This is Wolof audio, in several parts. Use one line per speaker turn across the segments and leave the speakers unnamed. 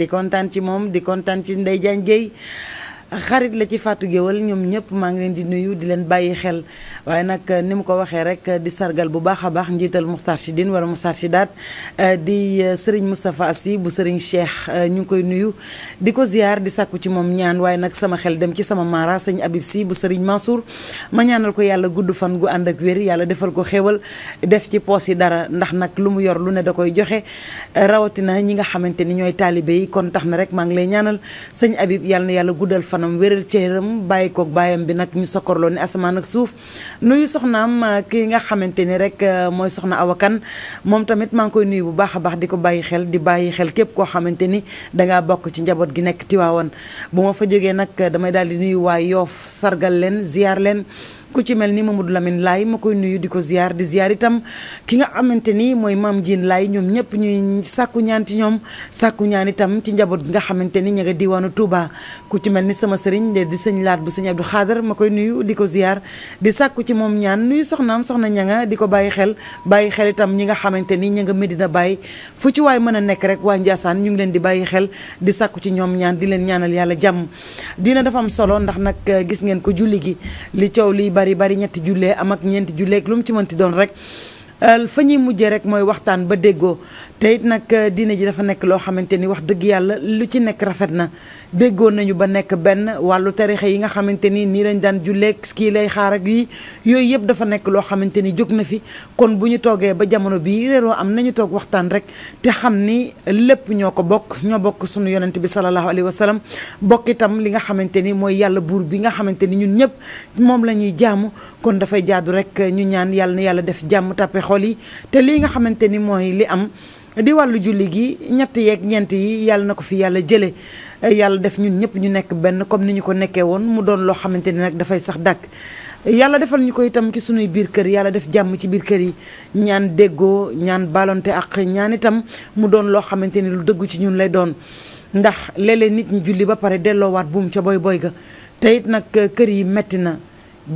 di kontaan ci moom di kontaan ci Ndeye Diagne xarit la ci Fatou Guéwal ñoom ñëpp maa ngi leen di nuyu di leen bàyyi xel waaye nag eh, ni mu ko waxee rek eh, di sargal bu baax a baax njiital Moustarchidine wala Moustarchidaat eh, di Serigne Moustapha si bu Serigne Cheikh ñu ngi koy nuyu di ko ziar di sàkku ci moom ñaan waaye nag sama xel dem ci sama maara sëñ Abib si bu Serigne Mansour ma ñaanal ko yàlla gudd fan gu ànd ak wér yàlla defal ko xéwal def ci poos yi dara ndax nag lu mu yor lu ne da koy joxe rawatina ñi nga xamante ni ñooy taalibe fanam wéral cëram bàyyi kook baayam bi nag ñu sokkorloo ni asamaan ak suuf nuyu soxnaam ah, ki nga xamante ni rek ah, mooy soxna awakan moom tamit maa ngi koy nuyu bu baax a baax di ko bàyyi xel di bàyyi xel képp koo xamante ni dangaa bokk ci njaboot gi nekk Tiwaawan bu ma fa jógee nag damay daal di nuyu waa Yoof sargal leen ziar leen ku ci mel ni Mamadou Lamine Laye ma koy nuyu di ko ziar di ziar itam ki nga xamante ni mooy maam Diène Laye ñoom ñëpp ñuy sàkku ñaan ci ñoom sàkku ñaan itam ci njaboot gi nga xamante ni ña nga diwaanu Touba ku ci mel ni sama sëriñ de di sëñ laat bu sëñ Abdou Khader ma koy nuyu di ko ziar di sàkku ci moom ñaan nuyu soxnaam soxna ña nga di ko bàyyi xel bàyyi xel itam ñi nga xamante ni ña nga Medina Baye fu ci waay mën a nekk rek waa Ndiassane ñu ngi leen di bàyyi xel di sàkku ci ñoom ñaan di leen ñaanal yàlla jàmm dina dafa am solo ndax nag gis ngeen ko julli gi li coow li bari bari ñetti jullee am ak ñeenti julleeg lu mu ci doon rek Euh, fa ñuy mujjee rek mooy waxtaan ba déggoo te it nag euh, diine ji dafa nekk loo xamante ni wax dëgg yàlla lu ci nekk rafet na déggoo nañu ba nekk benn wàllu tarixe yi nga xamante ni nii lañ daan julleeg kii lay xaar ak yi yooyu yëpp dafa nekk loo xamante ni jóg na fi kon bu ñu toogee ba jamono bii réeroo am nañu toog waxtaan rek te xam ni lépp ñoo ko bokk ñoo bokk suñu yonent bi sallallahu alayhi wa sallam bokk itam li nga xamante ni mooy yàlla buur bi nga xamante ni ñun ñëpp moom la ñuy jaamu kon dafay jaadu rek ñu ñaan yàlla na yàlla def jàmm xol yi te lii nga xamante ni mooy li am di wàllu julli gi ñett yeeg ñeent yi yàlla na ko fi yàlla jëlee yàlla def ñun ñëpp ñu nekk benn comme ni ñu ko nekkee woon mu doon loo xamante ni nag dafay sax dàkk yàlla defal ñu ko itam ci sunuy biir kër yàlla def jàmm ci biir kër yi ñaan déggoo ñaan baalonte ak ñaan itam mu doon loo xamante ni lu dëggu ci ñun lay doon ndax léeg nit ñi julli ba pare delloowaat buum ca boy boy ga te it nag kër yi metti na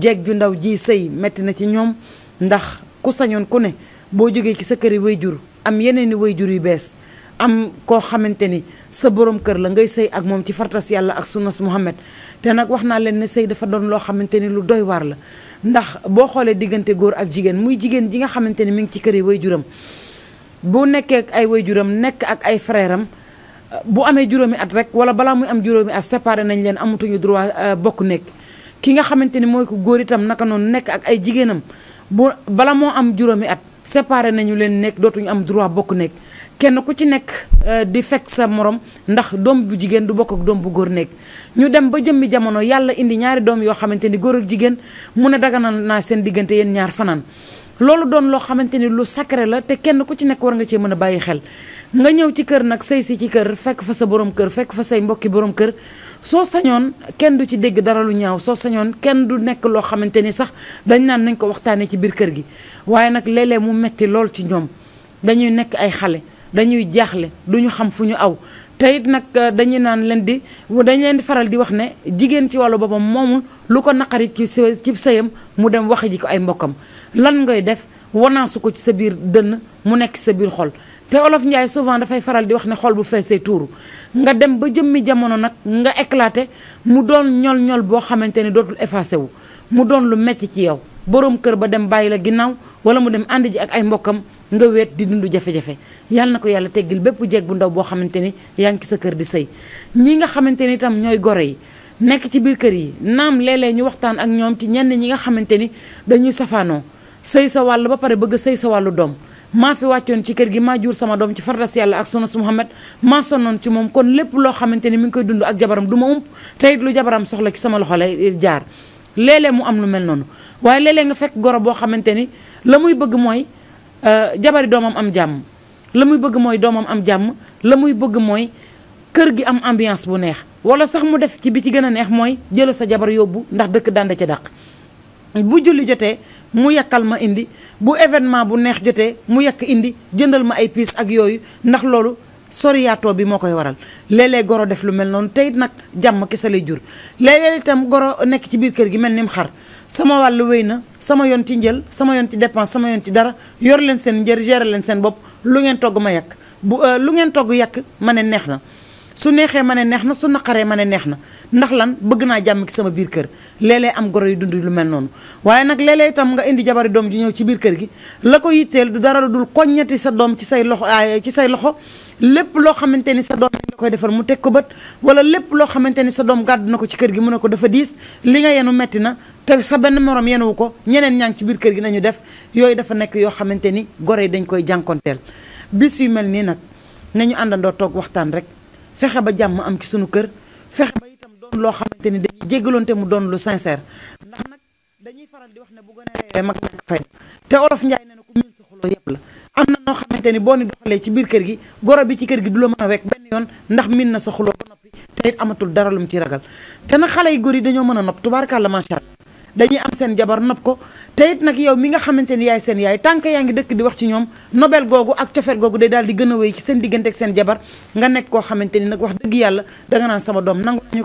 jeeg ju ndaw ji sëy metti na ci ñoom ndax ku sañoon ku ne boo jógee ci sa këri wayjur am yeneen i wayjur yu bees am koo xamante ni sa borom kër la ngay sëy ak moom ci fartas yàlla ak sunnas Muhammad te nag wax naa leen ne sëy dafa doon loo xamante ni lu doy waar la ndax boo xoolee diggante góor ak jigéen muy jigéen ji nga xamante ni mi ngi ci kër yi wayjuram bu nekkee ak ay wayjuram nekk ak ay frère am bu amee juróomi at rek wala balaa muy am juróomi at séparé nañ leen amatuñu droit euh, bokk nekk ki nga xamante ni mooy ko góor itam naka noonu nekk ak ay jigéenam bu bala moo am juróomi at séparé nañu leen nekk dootuñu am droit bokk nekk kenn ku ci nekk euh, di fekk sa morom ndax doom bu jigéen du bokk ak doom bu góor nekk ñu dem ba jëmmi jamono yàlla indi ñaari doom yoo xamante ni góor ak jigéen mu ne daganal naa seen diggante yéen ñaar fanaan loolu doon loo xamante ni lu sacré la te kenn ku ci nekk war nga cee mën a bàyyi xel nga ñëw ci kër nag sëy si ci kër fekk fa sa borom kër fekk fa say mbokki borom kër soo sañoon kenn du ci dégg dara lu ñaaw soo sañoon kenn du nekk loo xamante ni sax dañ naan nañ ko waxtaanee ci biir kër gi waaye nag léeg mu metti lool ci ñoom dañuy nekk ay xale dañuy jaaxle duñu xam fu ñu aw te it nag euh, dañuy naan leen di dañ leen di faral di wax ne jigéen ci wàllu boppam moomul lu ko naqari ci ci sëyam mu dem wax ji ko ay mbokkam lan ngay def wanaasu ko ci sa biir dënn mu nekk sa biir xol te olof Ndiaye souvent dafay faral di wax ne xol bu feesee tuuru nga dem ba jëmmi jamono nag nga éclaté mu doon ñol-ñol boo xamante ne dootul effacé wu mu doon lu metti ci yow boroom kër ba dem bàyyi la ginnaaw wala mu dem ànd ji ak ay mbokkam nga weet di dund jafe-jafe yàlla na ko yàlla teggil bépp jeeg bu ndaw boo xamante ni yaa sa kër di sëy ñi nga xamante ni itam ñooy goro yi nekk ci biir kër yi naam léeg ñu waxtaan ak ñoom ci ñenn ñi nga xamante ni dañuy safaanoo sëy sa wàll ba pare bëgg sëy sa wàllu doom maa fi wàccoon ci kër gi maa jur sama doom ci fardas yàlla ak sunu su Muhammad maa sonnoon ci moom kon lépp loo xamante ni mu ngi koy dund ak jabaram du ma ump teyit lu jabaram soxla ci sama loxo lay jaar léeg mu am lu mel noonu waaye léeg nga fekk goro boo xamante ni la muy bëgg mooy euh, jabari doomam am jàmm la muy bëgg mooy doomam am jàmm la muy bëgg mooy kër gi am ambiance bu neex wala sax mu def ci bi ci gën a neex mooy jëla sa jabar yóbbu ndax dëkk danda ca dàq bu julli jotee mu yàkkal ma indi bu événement bu neex jotee mu yekk indi jëndal ma ay piis ak yooyu ndax loolu soriyaatoo bi moo koy waral léeg goro def lu mel noonu tey nag jàmm kese lay jur léeg itam goro nekk ci biir kër gi mel ni mu xar sama wàll wey na sama yoon ci njël sama yoon ci dépense sama yoon ci dara yor leen seen njër gérer leen seen bopp lu ngeen togg ma yàq bu euh, lu ngeen togg yàq ma ne neex na su neexee ma ne neex na su naqaree ma ne neex na ndax lan bëgg naa jàmm ci sama biir kër léeg am goro yi dund lu mel noonu waaye nag léeg itam nga indi jabari doom ji ñëw ci biir kër gi la ko yitteel du dara lu dul koññati sa doom ci say loxo ci say loxo lépp loo xamante ni sa doom nga koy defar mu teg ko bët wala lépp loo xamante ni sa doom gàddu na ko ci kër gi mu ne ko dafa diis li nga yenu metti na te sa benn moroom yenuwu ko ñeneen ñaa ci biir kër gi nañu def yooyu dafa nekk yoo xamante ni goro yi dañ koy jànkonteel bis yu mel nii nag nañu àndandoo toog waxtaan rek fexe ba jàmm am ci sunu kër fexe ba itam doon loo xamante ni dañuy jéggaloonte mu doon lu sincère ndax nag dañuy faral di wax ne bu gën a reewee mag ñàkk fay te olof njaay ne na ku miin sa xuloo yëpp la am na noo xamante ni boo ni doxalee ci biir kër gi goro bi ci kër gi du la mën a wekk benn yoon ndax miin na sa xuloo ba noppi te it amatul dara lum ci ragal te nag xale yu góor yi dañoo mën a nopp tubaarkàlla macha allah dañuy am seen jabar nopp ko te it nag yow mi nga xamante ni yaay seen yaay tànk yaa ngi dëkk di wax ci ñoom nobel googu ak cofeel googu day daal di gën a wéy ci seen diggante ak seen jabar nga nekk koo xamante ni nag wax dëgg yàlla danga naan sama doom nangu ñu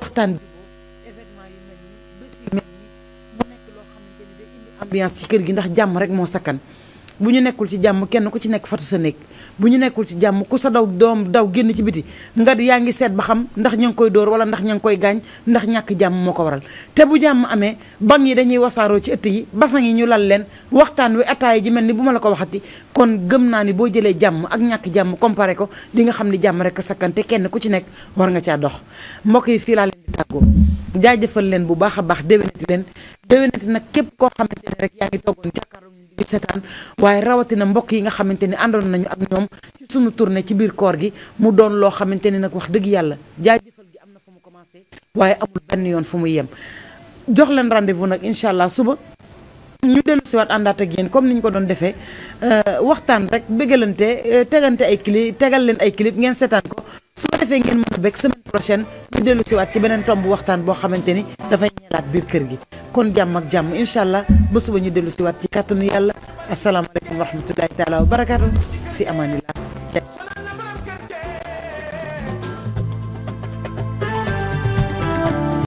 waxtaan événement yu mel ci kër gi ndax jàmm rek moo sakkan bu ñu nekkul ci jàmm kenn ku ci nekk fatu sa nekk bu ñu nekkul ci jàmm ku sa daw doom daw génn ci biti nga yaa ngi seet ba xam ndax ña ngi koy dóor wala ndax ña ngi koy gaañ ndax ñàkk jàmm moo ko waral te bu jàmm amee banc yi dañuy wasaaroo ci ëtt yi basan yi ñu lal leen waxtaan wi ataaya ji mel ni bu ma la ko waxati kon gëm naa ni boo jëlee jàmm ak ñàkk jàmm comparé ko di nga xam ni jàmm rek sakkante kenn ku ci nekk war nga caa dox mbokk fii laa leen di tàggoo jaajëfal leen bu baax a baax déwénati leen déwénati nag képp koo xamante ne rek yaa ngi toggoon di seetaan waaye rawatina mbokk yi nga xamante ni àndoon nañu ak ñoom ci suñu tournée ci biir koor gi mu doon loo xamante ni nag wax dëgg yàlla jaajëfal gi am na fu mu commencé waaye amul benn yoon fu muy yem jox leen rendez nag incha allah suba ñu dellu si waat àndaat yéen comme ni ñu ko doon defee euh, waxtaan rek bëggalante euh, tegante ay clip tegal leen ay kili ngeen seetaan ko su ko defee ngeen mën a semaine prochaine ñu dellu si ci beneen tomb waxtaan boo xamante ni dafay ñelaat biir kër gi kon jàmm ak jàmm incha allah ba suba ñu dellu si waat ci kàttanu yàlla asalaamaaleykum wa rahmatullahi taala wa barakaatu fi amaanillah